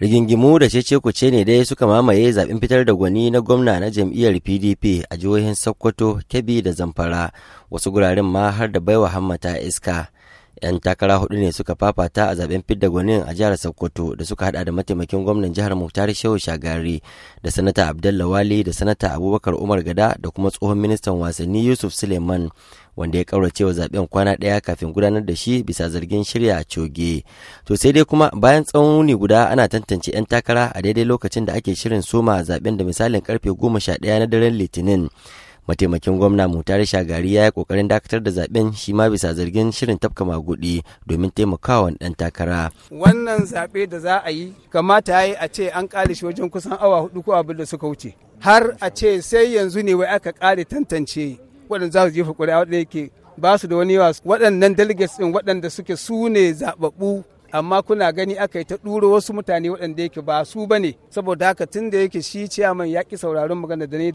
rigingimu da cece ce ne dai suka mamaye zaɓen fitar da gwani na gwamna na jam'iyyar pdp a jihohin sokoto kebbi da zamfara wasu guraren ma har da baiwa hammata iska 'yan takara hudu ne suka fafata a zaben fidda gwanin a jihar sokoto da suka hada da mataimakin gwamnan jihar muktar shehu shagari da sanata abdullahi wali da sanata abubakar umar gada da kuma tsohon ministan wasanni yusuf suleiman wanda ya kaurace wa zaben kwana daya kafin gudanar da shi bisa zargin shirya coge to sai dai kuma bayan tsawon wuni guda ana tantance 'yan takara a daidai lokacin da ake shirin soma zaben da misalin karfe goma sha ɗaya na daren litinin mataimakin gwamna mutare shagari ya yi kokarin dakatar da zaben shi ma bisa zargin shirin tafka magudi domin taimakawa dan takara wannan zaɓe da za a yi kamata ya yi a ce an ƙare shi wajen kusan awa hudu ko abin da suka wuce har a ce sai yanzu ne wai aka kare tantance waɗanda za su jefa ƙuri'a waɗanda yake ba su da wani yawa waɗannan delegates ɗin waɗanda suke su ne zaɓaɓɓu amma kuna gani aka yi ta ɗuro wasu mutane waɗanda yake ba su ba ne saboda haka tun da yake shi ciyaman ya ƙi sauraron magana da ne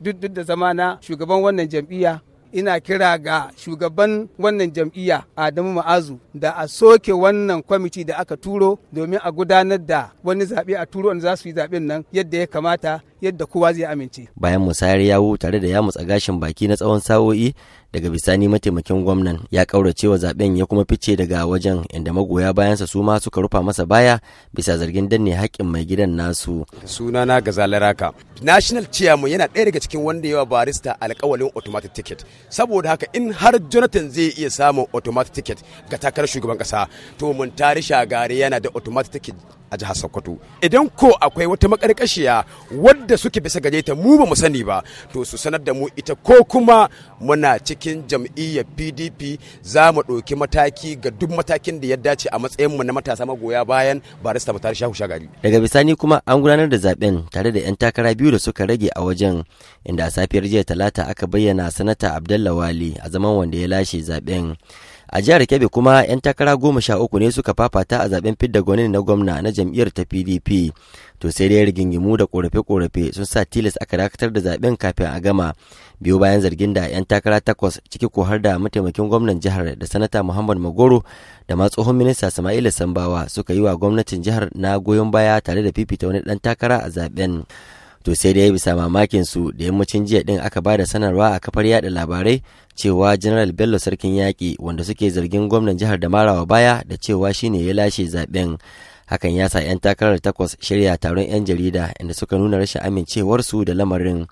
duk da zama na shugaban wannan jam'iyya ina kira ga shugaban wannan jam'iyya Adamu Ma'azu da a soke wannan kwamiti da aka turo domin a gudanar da wani zaɓe a turo wanda za su yi zaɓen nan yadda ya kamata yadda kowa zai amince. Bayan musayar yawo tare da ya mutsa gashin baki na tsawon sa'o'i daga bisani mataimakin gwamnan ya kaurace wa zaben ya kuma fice daga wajen inda magoya bayansa su ma suka rufa masa baya bisa zargin danne haƙƙin mai gidan nasu. Sunana zalaraka National Chairman yana ɗaya daga cikin wanda yawa barista alƙawalin automatic ticket. Saboda haka in har Jonathan zai iya samun automatic ticket ga takarar shugaban ƙasa to mun tari shagari yana da automatic ticket a jihar Sokoto. Idan ko akwai wata maƙarƙashiya wadda yadda suke bisa gaje ta mu ba mu sani ba to su sanar da mu ita ko kuma muna cikin jam'iyyar pdp za mu ɗauki mataki ga duk matakin da ya dace a matsayin mu na matasa magoya bayan barista mutar shahu shagari daga bisani kuma an gudanar da zaben tare da 'yan takara biyu da suka rage a wajen inda a safiyar jiya talata aka bayyana sanata abdullawali wali a zaman wanda ya lashe zaben a jihar kebbi kuma 'yan takara goma sha uku ne suka fafata a zaben fidda gwanin na gwamna na jam'iyyar ta pdp to sai dai rigingimu da korafe-korafe sun sa tilas aka dakatar da zaben kafin a gama biyu bayan zargin da 'yan takara takwas ciki ko har da mataimakin gwamnan jihar da sanata muhammad magoro da ma tsohon minista sama'ila sambawa suka yi wa gwamnatin jihar na goyon baya tare da fifita wani dan takara a zaben to sai dai bisa mamakin su da yammacin jiya din aka ba da sanarwa a kafar yada labarai cewa general bello sarkin yaƙi wanda suke zargin gwamnan jihar da marawa baya da cewa shine ya lashe zaben hakan ya sa 'yan takarar takwas shirya taron 'yan jarida inda suka nuna rashin amincewarsu da lamarin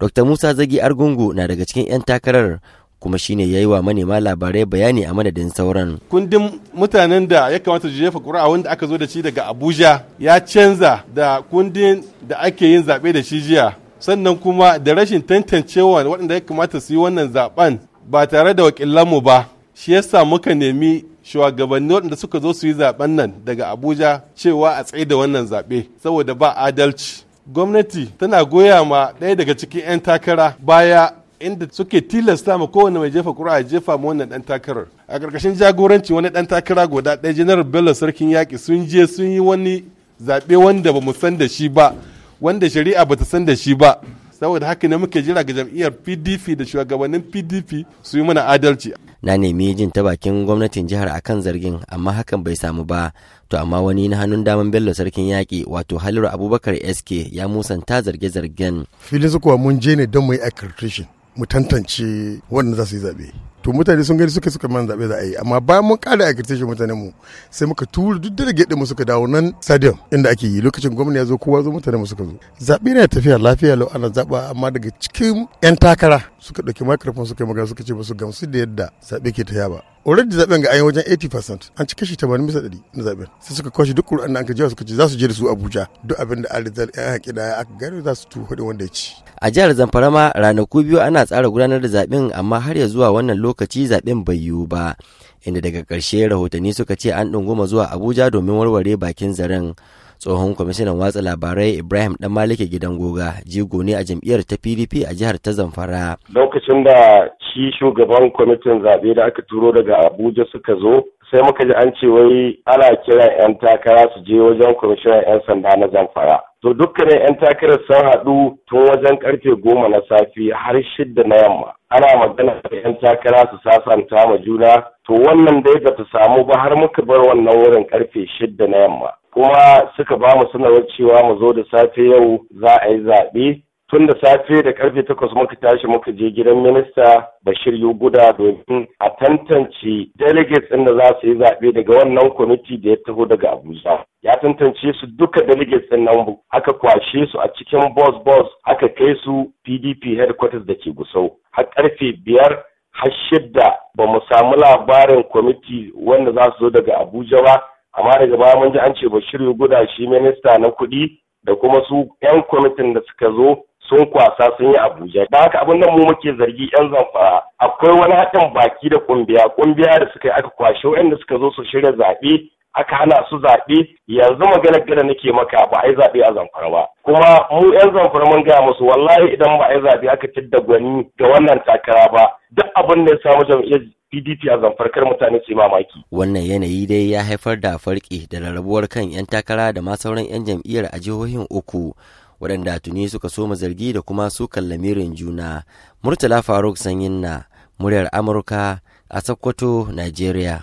dr musa zagi argungu na daga cikin 'yan takarar kuma shine ya yi wa manema labarai bayani a madadin sauran. Kundin mutanen da ya kamata su jefa ƙuri'a wanda aka zo da shi daga Abuja ya canza da kundin da ake yin zaɓe da shi jiya. Sannan kuma da rashin tantancewa waɗanda ya kamata su yi wannan zaɓen ba tare da wakilanmu ba. Shi yasa muka nemi shugabanni waɗanda suka zo su yi zaɓen nan daga Abuja cewa a tsaye da wannan zaɓe saboda ba adalci. Gwamnati tana goya ma ɗaya daga cikin 'yan takara baya inda suke tilasta ma kowane mai jefa a jefa ma wannan dan takarar a ƙarƙashin jagoranci wani dan takara guda ɗaya janar bello sarkin yaƙi sun je sun yi wani zaɓe wanda ba mu san da shi ba wanda shari'a ba ta san da shi ba saboda haka ne muke jira ga jam'iyyar pdp da shugabannin pdp su yi mana adalci na nemi jin ta bakin gwamnatin jihar akan zargin amma hakan bai samu ba to amma wani na hannun daman bello sarkin yaƙi wato haliru abubakar sk ya musanta zarge-zargen filin kuwa mun je ne don mu yi accreditation mu tantance wanda za su yi zaɓe to mutane sun gani suka suka man zaɓe za a yi amma bayan mun ƙara a kirtashe mutane mu sai muka tura duk da gaɗe mu suka dawo nan stadium inda ake yi lokacin gwamna ya zo kowa zo mutane mu suka zo zaɓe na tafiya lafiya lau ana zaɓa amma daga cikin 'yan takara suka ɗauki microphone suka magana suka ce ba su gamsu da yadda zaɓe ke ta ya ba already zaɓen ga an yi wajen 80% an ci kashi 80 na zaɓen sai suka kwashe duk ƙuri'an da an jiya suka ce za su je da su Abuja duk abin da Arizal ya haƙi da aka gano za su tuho da wanda ya ci a jihar Zamfara ma ranaku biyu ana tsara gudanar da zaɓen amma har ya zuwa wannan lokaci zaɓen bai yiwu ba inda daga ƙarshe rahotanni suka ce an ɗunguma zuwa Abuja domin warware bakin zaren tsohon kwamishinan watsa labarai ibrahim dan maliki gidan goga jigo ne a jam'iyyar ta pdp a jihar ta zamfara lokacin da shi shugaban kwamitin zaɓe da aka turo daga abuja suka zo sai muka ji an ce wai ana kira 'yan takara su je wajen kwamishinan 'yan sanda na zamfara to dukkanin 'yan takarar sun haɗu tun wajen karfe goma na safe har shidda na yamma ana magana da 'yan takara su sasanta ma juna to wannan dai ta samu ba har muka bar wannan wurin karfe shidda na yamma kuma suka ba mu sanarwar cewa mu zo da safe yau za a yi zaɓe tun da safe da karfe takwas muka tashi muka je gidan minista bashir guda domin a tantance delegates ɗin da za su yi zaɓe daga wannan kwamiti da ya taho daga abuja ya tantance su duka delegates ɗin nan aka kwashe su a cikin bus bus aka kai su pdp headquarters da ke gusau har karfe biyar har shidda ba mu samu labarin kwamiti wanda za su zo daga abuja ba amma daga baya mun ji an ce bashir guda shi minista na kuɗi da kuma su 'yan kwamitin da suka zo sun kwasa sun yi abuja da haka abin nan mu muke zargi yan zamfara akwai wani haɗin baki da kumbiya kumbiya da suka yi aka kwashe waɗanda suka zo su shirya zaɓe aka hana su zaɓe yanzu maganar gada nake maka ba a yi zaɓe a zamfara ba kuma mu yan zamfara mun gaya musu wallahi idan ba a yi zaɓe aka da gwani ga wannan takara ba duk abin da ya samu jam'iyyar PDP a zamfar kar mutane su mamaki. Wannan yanayi dai ya haifar da farki da rarrabuwar kan 'yan takara da ma sauran 'yan jam'iyyar a jihohin uku waɗanda tuni suka soma zargi da kuma su lamirin juna. Murtala Faruk Sanyin na muryar Amurka a Sokoto, Najeriya.